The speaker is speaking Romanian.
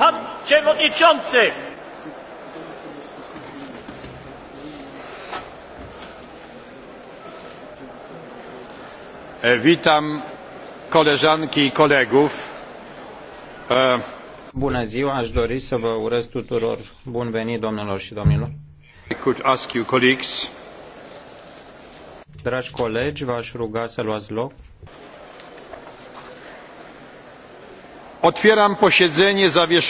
Pan Przewodniczący! Witam koleżanki i kolegów. Bună ziua, aș dori să vă urez tuturor bun venit, domnilor și domnilor. I could ask you, colleagues. Dragi colegi, v-aș ruga să luați loc. Otwieram posiedzenie zawieszone.